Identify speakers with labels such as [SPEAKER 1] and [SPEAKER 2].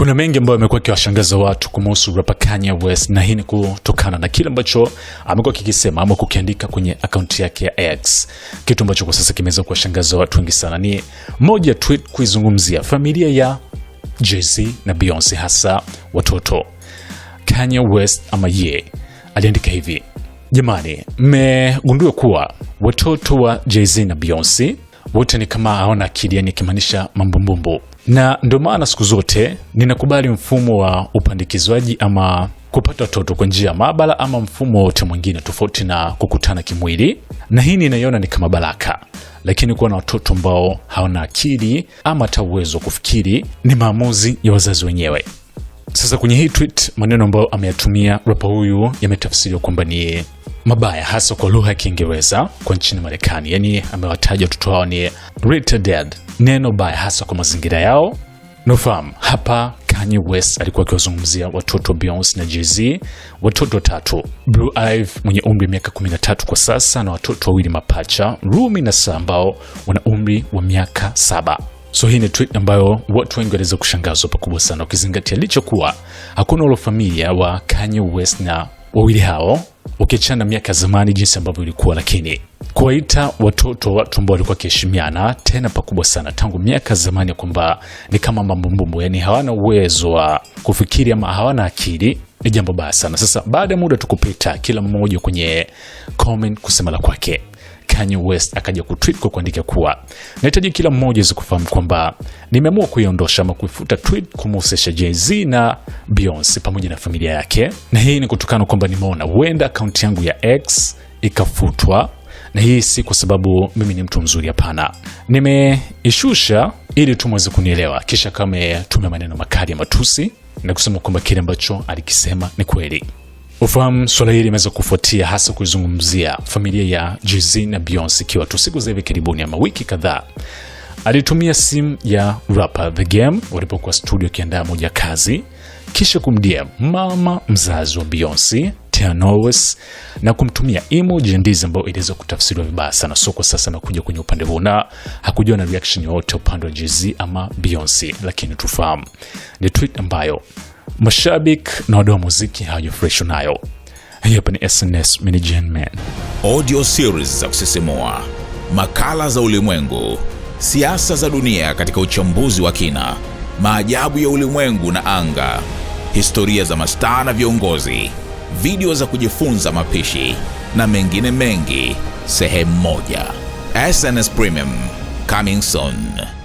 [SPEAKER 1] Kuna mengi ambayo amekuwa akiwashangaza watu kumhusu rapa Kanye West, na hii ni kutokana na kile ambacho amekuwa kikisema ama kukiandika kwenye akaunti yake ya X, kitu ambacho kwa sasa kimeweza kuwashangaza watu wengi sana. Ni moja tweet kuizungumzia familia ya Jay-Z na Beyonce, hasa watoto. Kanye West ama ye aliandika hivi: Jamani, mmegundua kuwa watoto wa Jay-Z na Beyonce wote ni kama hawana akili, yani akimaanisha mambumbumbu na ndio maana siku zote ninakubali mfumo wa upandikizwaji ama kupata watoto kwa njia ya maabara ama mfumo wote mwingine tofauti na kukutana kimwili, na hii ninaiona ni kama baraka. Lakini kuwa na watoto ambao hawana akili ama hata uwezo wa kufikiri ni maamuzi ya wazazi wenyewe. Sasa kwenye hii tweet, maneno ambayo ameyatumia rapa huyu yametafsiriwa kwamba ni mabaya, hasa kwa lugha ya Kiingereza kwa nchini Marekani. Yaani amewataja watoto hao ni retarded neno baya hasa kwa mazingira yao. Nafahamu hapa Kanye West alikuwa akiwazungumzia watoto Beyonce na jz watoto watatu, Blue Ivy mwenye umri wa miaka 13 kwa sasa na watoto wawili mapacha, Rumi na Saa ambao wana umri wa miaka saba. So hii ni tweet ambayo watu wengi waliweza kushangazwa pakubwa sana, ukizingatia licha kuwa hakuna ulofamilia wa Kanye West na wawili hao ukiachana na miaka zamani jinsi ambavyo ilikuwa, lakini kuwaita watoto watu ambao walikuwa wakiheshimiana tena pakubwa sana tangu miaka zamani, kwamba ni kama mambumbumbu, yani hawana uwezo wa kufikiri ama hawana akili, ni jambo baya sana. Sasa baada ya muda tukupita kila mmoja kwenye comment kusema la kwake. Kanye West akaja kutweet kwa kuandika kuwa nahitaji kila mmoja aweze kufahamu kwamba nimeamua kuiondosha ama kuifuta tweet kumhusisha Jay-Z na Beyonce pamoja na familia yake, na hii ni kutokana kwamba nimeona huenda akaunti yangu ya X ikafutwa na hii si kwa sababu mimi ni mtu mzuri, hapana. Nimeishusha ili tu mweze kunielewa. Kisha kama ametumia maneno makali ya matusi na kusema kwamba kile ambacho alikisema ni kweli. Ufahamu swala hili imeweza kufuatia hasa kuizungumzia familia ya Jay-Z na Beyonce, ikiwa tu siku za hivi karibuni ama wiki kadhaa alitumia simu ya rapper The Game walipokuwa studio akiandaa moja kazi, kisha kumdia mama mzazi wa Beyonce Knowles, na kumtumia emoji ndizi ambayo iliweza kutafsiriwa vibaya sana. So kwa sasa nakuja kwenye upande huu na hakujua na reaction yoyote upande wa Jay-Z ama Beyonce, lakini tufahamu ni tweet ambayo mashabik na wadoa muziki hawajafurahishwa nayo. Hii hapa ni SNS Management.
[SPEAKER 2] Audio series za kusisimua, makala za ulimwengu, siasa za dunia katika uchambuzi wa kina, maajabu ya ulimwengu na anga, historia za mastaa na viongozi, video za kujifunza mapishi na mengine mengi, sehemu moja. SNS Premium coming soon.